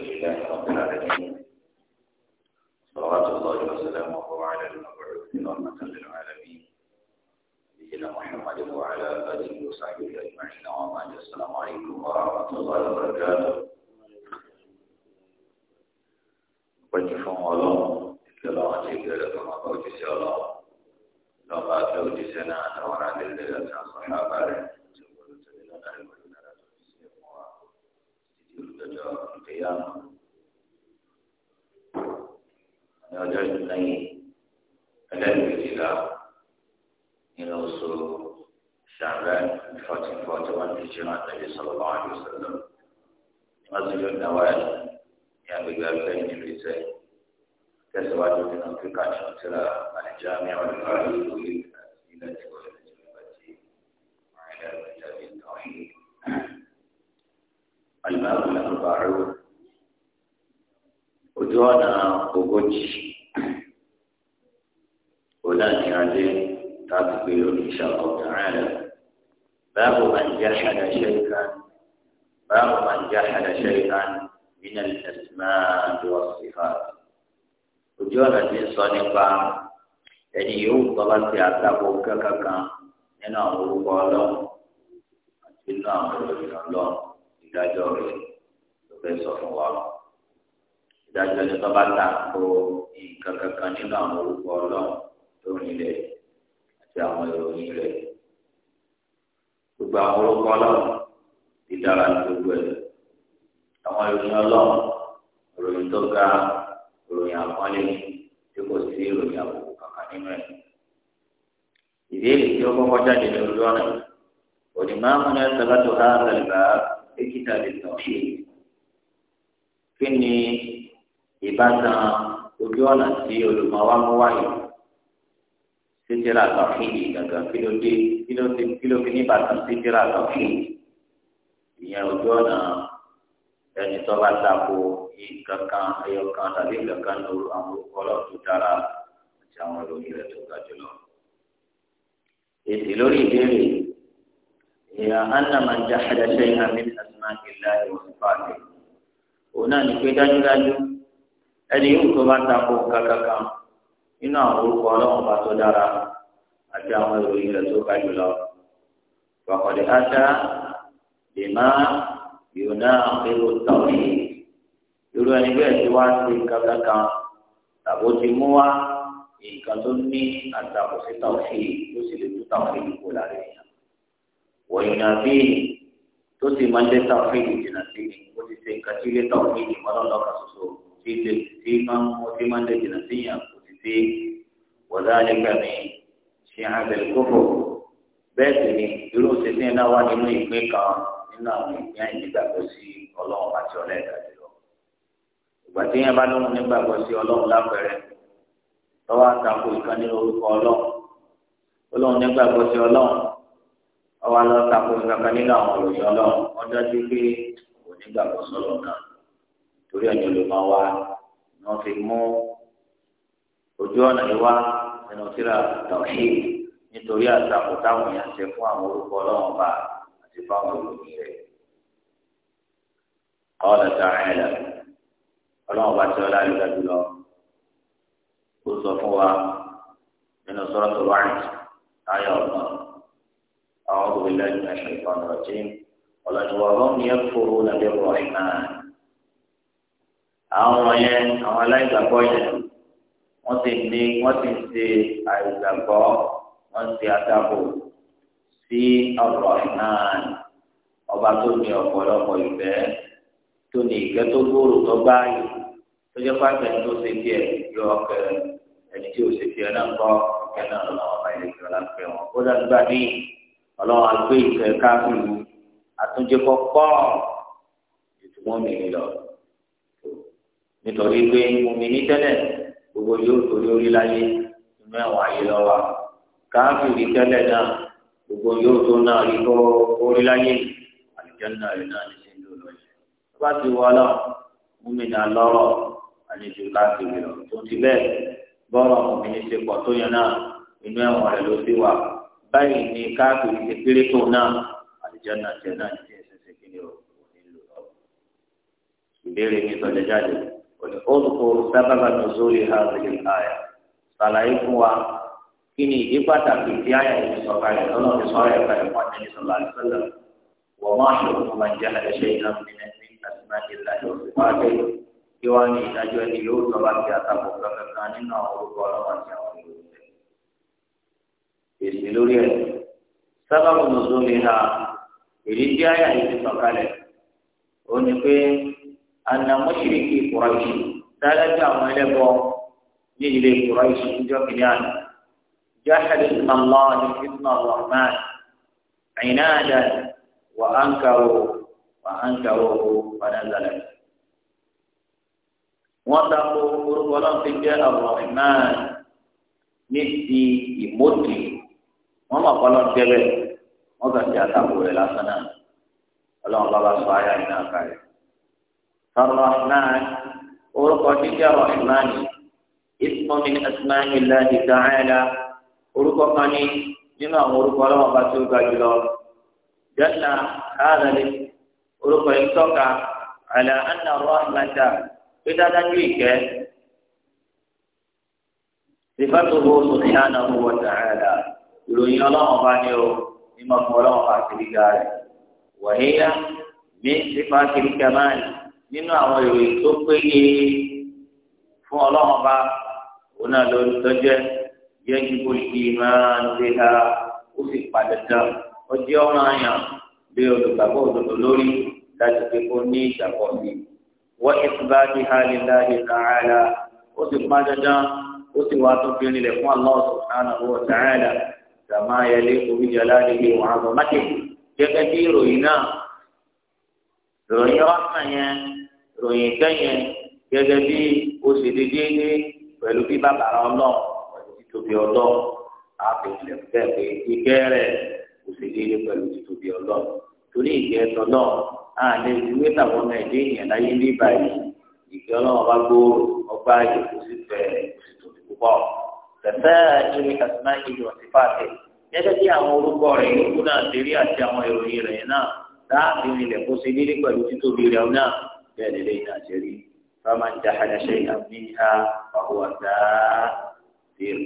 لله رب العالمين صلوات الله وسلامه على المبعوث رحمة للعالمين نبينا محمد وعلى آله وصحبه أجمعين وبعد السلام عليكم ورحمة الله وبركاته Penyifong Allah, kalau ada kita sama kau jisya Allah, kalau ada jisya nak orang ada dengan sahabat القيامة ọjọ́ ìtúnyìn ẹlẹ́gbẹ̀ẹ́ la nínú oṣù ṣàbẹ́ fourteen forty one fifteen one tẹ̀lé sọ̀rọ̀ báwọn àjò sọ̀rọ̀ wọ́n ti yóò dáwọ́ ẹ̀ ní agbègbè abẹ́ ìlú ìṣe tẹ̀síwájú nínú kíkà ní ọ̀tíra àdìjá ní àwọn ìlú àti ìlú ojú ọ̀nà ogójì kò náà ní adé láti gbé lórí ìṣàkó tààrà báwo máa ń jẹ́ àdá ṣẹ́yìnká báwo máa ń jẹ́ àdá ṣẹ́yìnká nínú ẹ̀sìnmá àdúrà sífà ojú ọ̀nà ti ń sọ nípa ẹni yóò tọ́lá sí àtàkó kankan nínú àwọn orúkọ ọlọ́run àti nínú àwọn ìròyìn ọlọ́run ìdájọ́ rẹ̀ ló fẹ́ sọ fún wa. ìdájọ́ ẹni tó bá ta ko nǹkan kankan nínú àwọn orúkọ ọlọ́run tó rìn rẹ̀ àti àwọn ìròyìn rẹ̀ gbogbo àwọn orúkọ ọlọ́run ti dára ní gbogbo ẹ̀ àwọn ìròyìn ọlọ́run ìròyìn tó ga ìròyìn àpọ́nlé tí kò sí ìròyìn àbùkù kankan nínú ẹ̀ ìbéèrè tí ó kọ́kọ́ jáde ní ojú ọ̀nà onímọ̀ọ́mù náà sábà tó há àgbàlùbá èkìtà lè tàn kí ni ìbátan ojú ọ̀nà tí olùmọ̀wá mú wáyé sídìrà tọ́kìlì gàgà kí ló dé kí ló dé kí ló fi ní ìbátan sídìrà tọ́kìlì ìyẹn ojú ọ̀nà ẹni tó bá tako nǹkan kan ẹyọ kan tàbí nǹkan kan lóru àwọn orúkọ ọlọ́run tó dára àti àwọn ìròyìn rẹ̀ tó ga jùlọ. èsì lórí ìbéèrè ìyá anamá jahada shay'an min asma'illahi wa sifatihi òun náà ní pé dájúdájú ẹni yóò tó bá tako kankankan nínú àwọn orúkọ ọlọ́run bá tó dára àti àwọn ìròyìn rẹ̀ tó ga jùlọ wàkọ̀dé ájá lè má yóò ná àpérò tàwọn yìí irú ẹni bẹ́ẹ̀ tí wá sí kankankan tàbó ti mú wá nǹkan tó ní àtakò sí tàwọn yìí tó sì lè tú tàwọn yìí kó lára èèyàn wọ̀nyí náà tó sì máa ń lé tàwọn yìí sí ni ó ti ṣe nǹkan tí lé tàwọn yìí mọ́lọ́lọ́ kan ṣoṣo tí máa ń lè jìnnà síyàn kò sí sí wàdálẹ́kà ní ṣe abẹ́rẹ́ kókò bẹ́ẹ̀ sì ni irú ṣe tí ń dá wá nínú ìpín kan nínú àwọn ìpín àìnígbàgbọ́ sí ọlọ́run àti ọlẹ́ẹ̀dá jùlọ. ìgbà tí yẹn bá lóhun nígbàgbọ́ sí ọlọ́run lápẹẹrẹ lọ́wọ́ àtakò ìkan nínú orúkọ ọlọ́run olóhun nígbàgbọ́ sí ọlọ́run ọwọ́ alọ́ tako ìkankan nínú àwọn torí ẹni olùmọ̀ wa ni wọ́n fi mú ojú ọ̀nà ìwá nínú tíra tọ̀hí nítorí àtàkùn táwọn èèyàn ṣe fún àwọn orúkọ ọlọ́wọ́n bá àti fáwọn olùmí rẹ̀. قال تعالى ọlọ́wọ́n bá ti ọlá yóò dájú lọ ó sọ fún wa nínú suratul Ra'd ayọ̀ ọ̀gbọ́n أعوذ بالله من الشيطان الرجيم ولن وهم يكفرون بالرحمن àwọn ọmọ yẹn àwọn aláìgbàgbọ́ yẹn wọ́n ti ní wọ́n ti ṣe àìgbàgbọ́ wọ́n ti àtàbò sí ọ̀rọ̀ náà ọba tó ní ọ̀pọ̀lọpọ̀ ìfẹ́ tó ní ìkẹ́ tó gbòòrò tó báyìí tó jẹ́ pàṣẹ tó ṣe tiẹ̀ yọ ọkẹ ẹni tí ò ṣe tiẹ̀ náà kọ́ ọkẹ náà lọ́wọ́ ọba ìrètí ọ̀la fẹ́ wọn ó dájú bá ní ọlọ́run àgbé ìfẹ́ káfíìn àtúnjẹ kọ́ pọ́ọ̀ ètò wọn mi lọ nítorí pé omi ní tẹ́lẹ̀ gbogbo yóò torí orí láyé mẹ́wàá yìí lọ́wọ́ káfíìrì tẹ́lẹ̀ náà gbogbo yóò tó náà rí kó orí láyé àlùjánnà rẹ̀ náà ní sí ìlú lọ́yẹ̀. tó bá ti wọ lọ omi náà lọ́rọ̀ àlejò káfíìrì lọ tó ti bẹ́ẹ̀ bọ́rọ̀ omi ní ṣe pọ̀ tó yẹn náà inú ẹ̀wọ̀n rẹ̀ ló ti wà báyìí ni káfíìrì ti péré tó náà àlùjánnà tẹ̀ náà ní sí ìṣẹ̀ṣẹ̀ ní lò lọ. اذكر سبب نزول هذه الآية صلى الله kini ìdí pàtàkì tí àyà yìí sọ kalẹ̀ lọ́nà tí sọ̀rọ̀ ẹ̀ka ẹ̀kọ́ àtẹ̀lé sọ̀rọ̀ àlùsọ̀lọ̀ wọ́n máa ṣe òkú máa jẹ́ àlẹ́ṣẹ́ iná nínú ẹ̀mí àtìmáàdì ìlànà òfin wá dé kí wọ́n ní ìdájọ́ ẹni yóò sọ bá ti àtàkùn kankan nínú àwọn orúkọ ọlọ́wọ́ àna mọ́ṣíríkì kùrọ̀ṣì sáájú àwọn ẹlẹ́bọ ní ilé kùrọ̀ṣì níjọ́ kìnìún àná jáhàdì ìsìmọ̀lá ní ìsìmọ̀ rahman àyínáàdà wà á ń kàwó wà á ń kàwó padà zàlẹ̀. wọ́n tako orúkọ náà ti jẹ́ rahman ní ti ìmọ̀tì wọ́n mọ̀ kọ́lọ́ jẹ́ bẹ́ẹ̀ kàn ti àtàkùn rẹ̀ lásán náà ọlọ́run bá bá sọ ayé àyínáà kárẹ̀. الرحمن ورقتك الرحمن اسم من أسماء الله تعالى ورقتني لما ورق الله بسوك جلو جل هذا ورق يسوك على أن الرحمة إذا تجيك صفته سبحانه وتعالى يرون الله أبانيو مما فولا أبانيو وهي من صفات الكمال nínú àwọn ìròyìn tó péye fún ọlọ́run ọba òun náà ló tó jẹ́ yẹ́njú kò sí máa ń ṣe ha ó sì padà dán ọjọ́ ọ̀ràn àyàn lé olùgbàgbọ́ òdodo lórí láti pé kó ní ìgbàgbọ́ mi. wọ́n ti tún bá ní hali láàyè sàárà ó sì padà dán ó sì wá tó fi rinlẹ̀ fún Allah subhanahu wa ta'ala sàmá yẹlé orí jọlá nílé wọn àgbọ̀n mákè gẹ́gẹ́ bí ìròyìn náà ìròyìn ọ̀sán yẹn ròyìn kẹ́yìn gẹ́gẹ́ bí ó ṣe dédé ní pẹ̀lú bí bàbá ọlọ́run pẹ̀lú títóbi ọlọ́run àbẹ̀lẹ̀ bẹ́ẹ̀ pé ìkẹ́ rẹ̀ kò ṣe dédé pẹ̀lú títóbi ọlọ́run torí ìkẹ́ ẹ̀tọ́ náà àà lè wíwé tàwọn ọmọ ẹ̀dẹ́ èèyàn láyé ní báyìí ìkẹ́ ọlọ́run bá gbó ọgbà yìí kò sì fẹ́ kò sì tóbi púpọ̀ tẹ̀tẹ́ ìrìn àtúná ìlú ọ̀sìn fàtẹ̀ gẹ́gẹ́ bí àwọn orúkọ rẹ̀ yòókù náà náà بين لينا جريء فمن جحد شيئا منها فهو كافر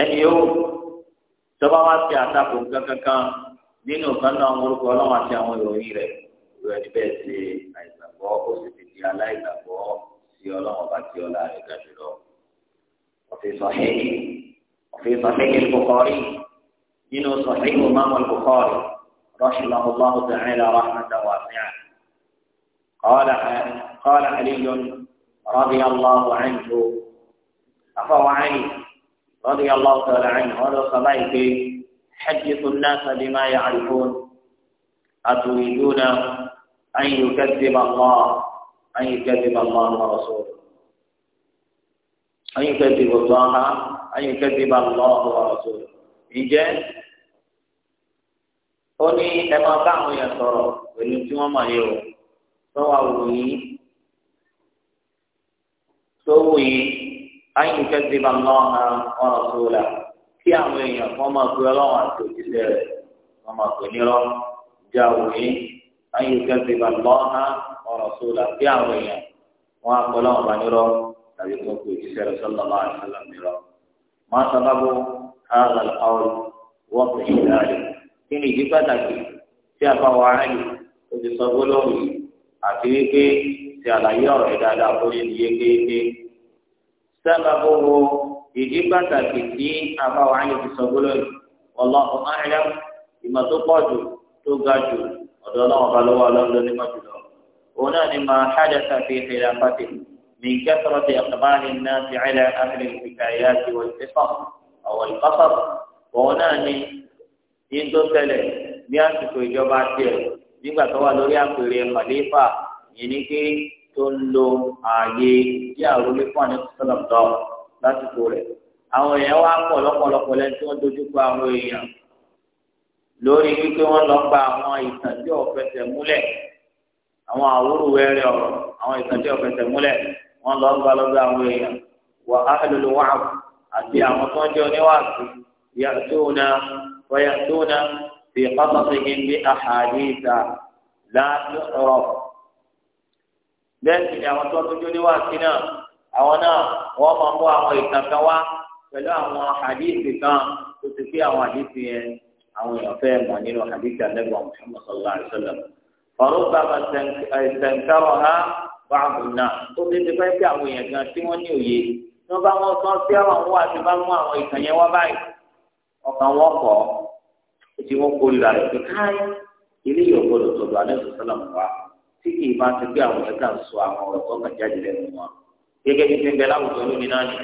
ẹni yóò tọ́ba wá sí àtakò kankankan nínú kan náà orúkọ ọlọ́run àti àwọn ìròyìn rẹ̀ ìròyìn ẹni bẹ́ẹ̀ ṣe àìgbàgbọ́ ó sì ti di aláìgbàgbọ́ sí ọlọ́run ọba tí ọlá rẹ̀ ga jùlọ. ọ̀fìn sọ̀hẹ́yì ọ̀fìn sọ̀hẹ́yì Bukhari nínú sọ̀hẹ́yì Imam Bukhari rahimahullahu ta'ala rahmatan قال قال علي رضي الله عنه أفو علي رضي الله تعالى عنه هذا صبيك حدثوا الناس بما يعرفون أتريدون أن يكذب الله أن يكذب الله ورسوله أن يكذب الله أن يكذب الله ورسوله إجاز أني ní ẹ máa bá àwọn tó wà wò yìí tó wò yìí ayé kẹsì bá ń lọ ọ̀rọ̀ tó la kí àwọn èèyàn kan máa pe ọlọ́run àti òṣìṣẹ́ rẹ̀ wọ́n máa pè nírọ́ já wò yìí ayé kẹsì bá ń lọ ọ̀rọ̀ tó la kí àwọn èèyàn wọ́n á pe ọlọ́run bá nírọ́ tàbí kó pe òṣìṣẹ́ rẹ̀ sọ́lá máa ṣẹlẹ̀ nírọ́. ما سبب هذا القول وضع ذلك كني جبتك في أبو علي وفي صبولوي àti wípé ti àlàyé ọ̀rọ̀ yìí dáadáa kó lè yé kéèké. sábàbò wo ìdí pàtàkì tí àbáwọ̀ ayé ti sọ gbọ́dọ̀ yìí wallahu a'lam ìmọ̀ tó pọ̀ jù tó ga jù ọ̀dọ̀ náà ọba lọ́wọ́ ọlọ́dún ní mọ́jùlọ. òun náà ni ma hadatha fi khilafati min kathrati aqbali an-nasi ala ahli náà ni yíńdó tẹ́lẹ̀ ní àsìkò ìjọba nígbà tó wà lórí àpèrè kàlífà yìí ní pé tó ń lo ààyè tí àròlé fún àní sọlọtọ lásìkò rẹ̀ àwọn èèyàn wá pọ̀ lọ́pọ̀lọpọ̀ lẹ́nu tí wọ́n dojú kọ àwọn èèyàn lórí wípé wọ́n lọ gba àwọn ìtàn tí ò fẹsẹ̀ múlẹ̀ àwọn àwòrò wẹrẹ ọ̀rọ̀ àwọn ìtàn tí ò múlẹ̀ wọ́n lọ gba lọ́dọ̀ àwọn èèyàn wà á lòlò wà àti àwọn tó ń jẹ oníwàásù yàtúnà في قصصهم بأحاديث لا تعرف bẹ́ẹ̀ni àwọn tó tójú ní wáàsí náà àwọn náà wọn máa mú àwọn ìtàn kan wá pẹ̀lú àwọn àdìsí kan tó ti pé àwọn àdìsí yẹn àwọn èèyàn fẹ́ mọ̀ nínú àdìsí àlẹbù àwọn Muhammad sallallahu alaihi wasallam ọ̀rọ̀ bàbá ṣẹǹkárọ ha wà àbùnà tó ti ti fẹ́ pé àwọn èèyàn kan tí wọn ní òye tí wọn bá wọn sọ sí àwọn àwọn àti bá mú àwọn ìtàn yẹn wá báyìí ọkàn wọn kọ tí wọ́n kórìíra rẹ̀ pé káyé ilé yìí ọ̀gbọ́dọ̀ tọ̀dọ̀ alẹ́ sọ̀tọ́lá mọ̀ wá tí kì í máa ti gbé àwọn ẹ̀ka sọ àwọn ọ̀rọ̀ tó kàn jáde lẹ́nu wọn. gẹ́gẹ́ bí ti ń bẹ láwùjọ lónìí náà ni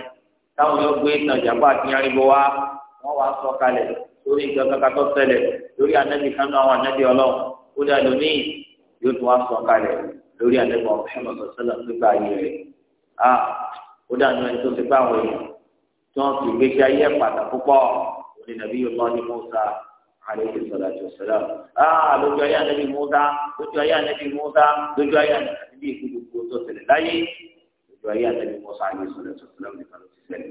táwọn yóò gbé ìtajà bá àtìyárí bọ́ wá wọ́n wá sọ kalẹ̀ lórí ìjọba tó ṣẹlẹ̀ lórí anẹ́bí kánú àwọn anẹ́bí ọlọ́run ó dá lónìí yóò tún wá sọ kalẹ̀ lórí anẹ́bí ọ̀hún sọ̀tọ́lá nígbà ayé rẹ̀ a ó dá nínú tó ti bá àwọn èèyàn tí wọ́n fi gbéṣẹ́ àlejò sọlá tó sọlá aa lójú ayé anabi Musa lójú ayé anabi Musa lójú ayé anabi gbogbo tó ṣẹlẹ̀ láyé lójú ayé anabi Musa àlejò sọlá tó sọlá nìkan ló ti ṣẹlẹ̀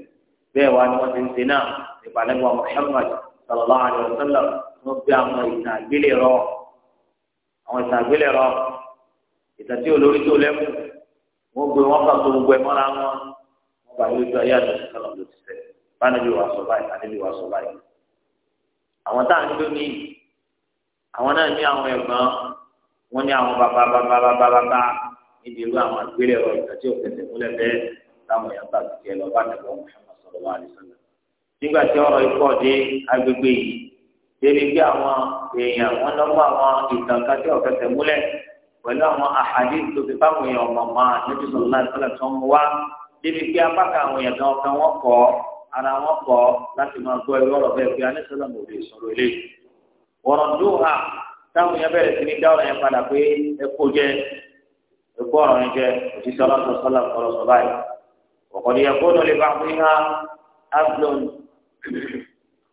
bẹ́ẹ̀ wá ni wọn ti ń ṣe náà nípa nípa Muhammad sallallahu alaihi wasallam wọn bí àwọn ìtàn àgbélé rọ àwọn ìtàn àgbélé rọ ìtàn tí olórí tó lẹ́mú wọn gbé wọn kàn tó gbogbo ẹ mọ́ra wọn wọn bá lójú ayé anabi sọlá tó ti ṣẹlẹ̀ bá anabi wà sọ báyìí anabi wà sọ báyìí àwọn tá à ń lò ní àwọn náà ní àwọn ẹ̀gbọ́n wọn ní àwọn bàbá bàbá bàbá bàbá níbi irú àwọn àgbélé ọ̀rọ̀ ìgbà tí òkè tẹ̀kúnlẹ̀ bẹ́ẹ̀ táwọn èèyàn bá ti jẹ lọ bá tẹ̀kọ́ Muhammad sallallahu alaihi wasallam nígbà tí ọ̀rọ̀ ikọ̀ dé agbègbè yìí débi pé àwọn èèyàn wọn lọ́mọ àwọn ìtàn kan tí òkè tẹ̀kúnlẹ̀ pẹ̀lú àwọn àhàdí tó fi báwọn èèyàn ọmọ máa níbi sọ̀rọ̀ ara wọn kọ̀ láti máa gbọ́ ẹrú ọ̀rọ̀ bẹ́ẹ̀ pé anẹsọlá mò lè sọ̀rọ̀ ilé wọrọ ló hà táwọn yẹn bẹ̀rẹ̀ sí ní dá ọ̀rọ̀ yẹn padà pé ẹkọ jẹ ẹkọ ọ̀rọ̀ yẹn jẹ òṣìṣẹ́ ọlọ́pàá sọlá kọlọ sọ báyìí ọkọdé yẹn kó lórí bá fún yíyá ablon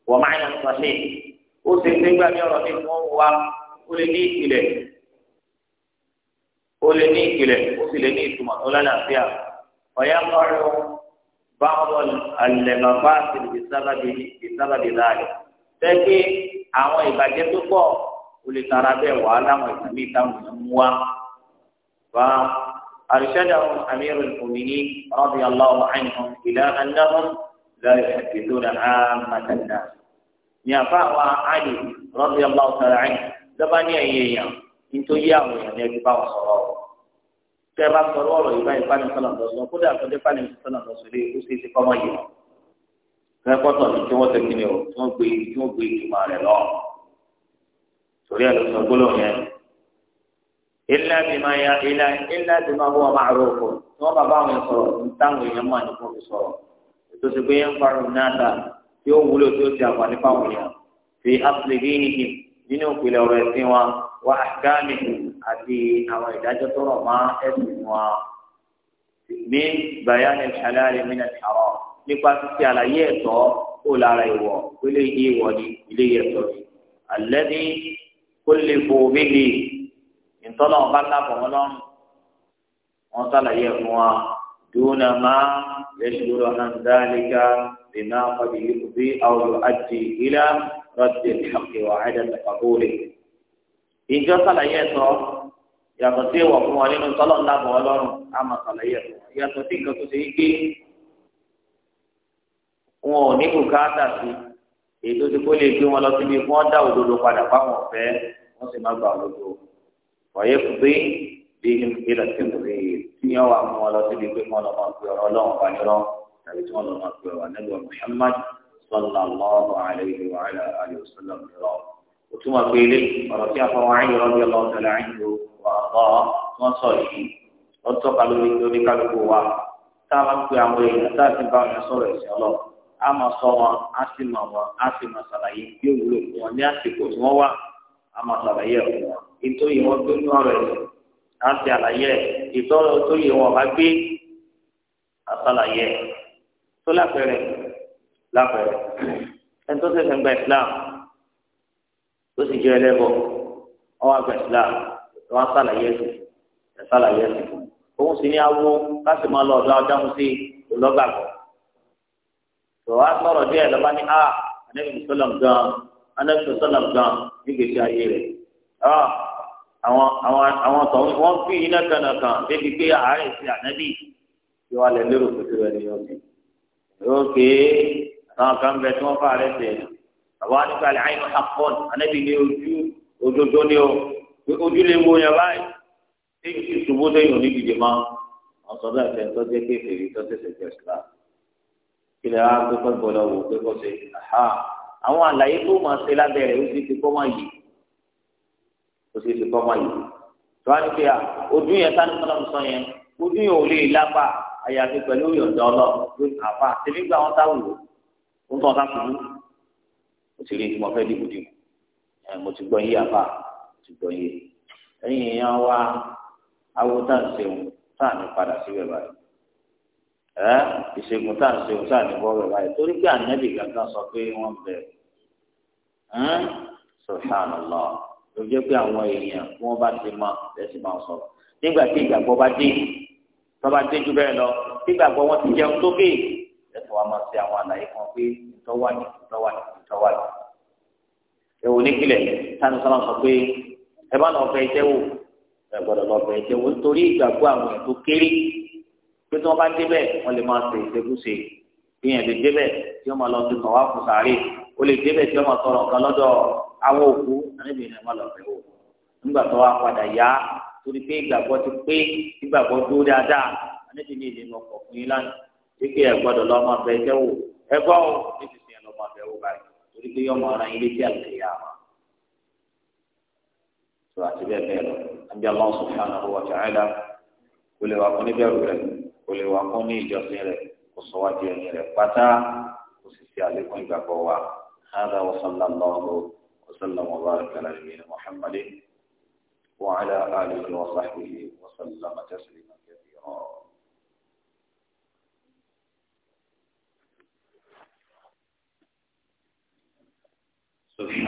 wọ máa yàn sọsí ó sì ń gbégbá ní ọ̀rọ̀ fún wa ó lè ní ìpìlẹ̀ ó lè ní ìpìlẹ̀ ó sì lè ní ìtumọ̀ tó lálàáfíà ọ̀yá kọrin بعض المفاسد بسبب بسبب ذلك tẹ́kí àwọn ìbàjẹ́ tó pọ̀ kò lè tara bẹ́ẹ̀ wà láwọn ìsàmì ìtàwọn èèyàn mú wa. fa arshadahum amirul mu'minin radiyallahu anhum ila annahum la yuhaddithuna ammatan nas. ní àfa wa ali radiyallahu ta'ala anhu lọ́ba ní ẹ̀yìn èèyàn nítorí àwọn èèyàn ní ẹbí bá wọn sọ̀rọ̀ tẹ bá sọ ọ̀rọ̀ yìí báyìí fani sọlá lọ sọ kódà àtọjọ fani sọlá lọ sọ lé kóso ti kọmọ yìí rẹpọtọ ni tí wọn ti kiri o tí wọn gbé tí wọn gbé ìtumọ̀ rẹ̀ lọ torí ẹ sọ gbólóhùn yẹn ilé àti máa ya ilé ilé àti máa wọ ọmọ àrò òkò tí wọn bá bá wọn ní táwọn èèyàn máa nìkan fi sọ̀rọ̀ ètò ti gbé yẹn farò náà tí ó wúlò tí ó ti àǹfààní fáwọn èèyàn fi àpèlè bí nìyí nínú ìpìlẹ̀ ọ̀rọ̀ ẹ̀sìn wa wà á ká àti àwọn ìdájọ́ tó rọ̀ mọ́ ẹ̀sìn wa mi gbàyà ní halal mi nà haram nípa títí àlàyé ẹ̀tọ́ kó lára ìwọ̀ ilé yìí ìwọ̀ ni ilé yìí ẹ̀tọ́ ni alẹ́ ní kó lè fò mí ni ọba lábọ̀ wọn lọ́rùn wọn sàlàyé fún wa dúnà máa yẹsùn lọ́nà dáríkà bìnnà kọ́bi yìí bí àwọn àti ìlà rọ́tì ìhàkì wà áyà ìjọ sàlàyé sọ yàtọ̀ sí ìwọ̀ fún wọn nínú tọ́lọ̀ ńlábọ̀ ọlọ́run á máa sàlàyé ẹ̀fọ́ yàtọ̀ sí nǹkan tó ṣe é gbé wọn ò ní bùkátà sí èyí tó ti kó lè gbé wọn lọ síbi fún ọ́dà òdodo padà fáwọn ọ̀fẹ́ wọ́n sì má gbà òdodo wọ̀nyẹ́ pé bí ìlà tí mo rí tí yẹn wà fún wọn lọ síbi pé wọn lọ máa pe ọ̀rọ̀ ọlọ́run bá nírọ́ tàbí tí wọn lọ máa pe ọ̀rọ̀ anábìwọ̀n Muhammad sallallahu alayhi wa alayhi wa sallam nírọ́ òtún wọn pé ilé ọ̀rọ̀ tí a fọ wọn ayé ọlọ́bí ọlọ́run tẹ̀lé àyìnbó ọ̀rọ̀ wọn sọ yìí wọn tọ́ka lórí lórí kálukú wa tá a bá pe àwọn èèyàn tá a ti bá wọn sọ̀rọ̀ ẹ̀sìn ọlọ́ a máa sọ wọn a sì mọ̀ wọn a sì máa ṣàlàyé bí ó wúlò fún wọn ní àsìkò tó sì jẹ́ ẹlẹ́bọ̀ ọwọ́ àgbà islam wọn sàlàyé ẹ̀sìn ẹ̀ sàlàyé ẹ̀sìn fún òun sì ní awo láti máa lọ ọ̀dọ̀ adáhùn sí olọ́gbàgbọ́ tó wá sọ̀rọ̀ díẹ̀ lọ́ba ní a ah, anabi sọlọm gan anabi sọlọm gan nígbèsí ayé rẹ̀ ah, àwọn àwọn àwọn tó wọn fi iná kanàkan débi pé àárẹ̀ sí anabi tí wọ́n lè lérò pẹ̀lú ẹni ọ̀sìn. ókè àwọn kan bẹ tí wọ́n fà rẹ̀ sẹ́yìn àwa nípa àlẹ́ àyìnbó àpọ́n ànábì ní ojú òdodo ni o ojú lè wo yẹn báyìí èyí ti ṣubú lẹ́yìn onídìde máa wọn sọ bẹ́ẹ̀ fẹ́ tọ́jú pé fèrè tọ́jú ṣe jẹ́ ìṣúná kílẹ̀ á gbé pẹ́ gbọ́dọ̀ wò pé kọ́ ṣe àhá àwọn àlàyé tó máa ṣe lábẹ́ rẹ̀ ó sì ti kọ́ máa yìí ó sì ti kọ́ máa yìí tó wá ní pé à ojú yẹn sani fọlọ́ sọ yẹn ojú yẹn ò lè lápá àyàfi pẹ̀lú ìyọ̀dọ̀ ọlọ́run àfa tèmi gbà wọn sáwùú ó ń tọ́ ọ ṣeré tí mo fẹ́ dìbò dìbò mo ti gbọ́ yé àbá mo ti gbọ́ yé ẹ̀yìn èèyàn wa awo tá à ń ṣeun tá à ní padà síbẹ̀ báyìí ẹ ìṣègùn tá à ń ṣeun tá à ní bọ́ báyìí torí pé ànábì gàgán sọ pé wọ́n bẹ̀ ẹ́n subhanallah ló jẹ́ pé àwọn èèyàn tí wọ́n bá ti mọ ẹ̀sìn máa sọ nígbà tí ìgbàgbọ́ bá dé tó bá dé ju bẹ́ẹ̀ lọ tí ìgbàgbọ́ wọn ti jẹun tó gé ẹ̀sìn wa máa ṣe àwọn àlàyé kan pé ìtọ́wà ní ìtọ́wà ní ìtọ́wà ní ẹ̀wò nípìnlẹ̀ sani sọlá sọ pé ẹ bá lọ́ọ́ fẹ́ jẹ́wò ẹ gbọ́dọ̀ lọ́ọ́ fẹ́ jẹ́wò nítorí ìgbàgbọ́ àwọn ẹ̀ tó kéré pé tí wọ́n bá débẹ̀ wọ́n lè máa ṣe ìṣekúṣe ìyẹn lè débẹ̀ tí wọ́n máa lọ sí tọ̀wá fún sàárè ó lè débẹ̀ tí wọ́n máa sọ̀rọ̀ nǹkan lọ́dọ̀ àwọn òkú àníbi ìrìn àmàlọ́ fẹ́ wò nígbà tó wá padà yá torí pé ìgbàgbọ́ ti pé ìgbàgbọ́ dúró dáadáa àníbi ní ìlẹ̀ ọkọ̀ fún yín lánàá pé kí torí pé yọmọ ara yín létí àlùkìyà tó àti bẹ́ẹ̀ bẹ́ẹ̀ lọ àbí Allah subhanahu wa ta'ala kò lè wà fún níbẹ̀rù rẹ̀ kò lè wà fún ní ìjọsìn rẹ̀ kò sọ wá di ẹ̀yìn rẹ̀ pátá kò sì ṣe àlékún ìgbàgbọ́ wa hàdà wa sallallahu wa sallam wa baraka ala muhammadin wa ala alihi wa sahbihi wa sallama taslima 就是。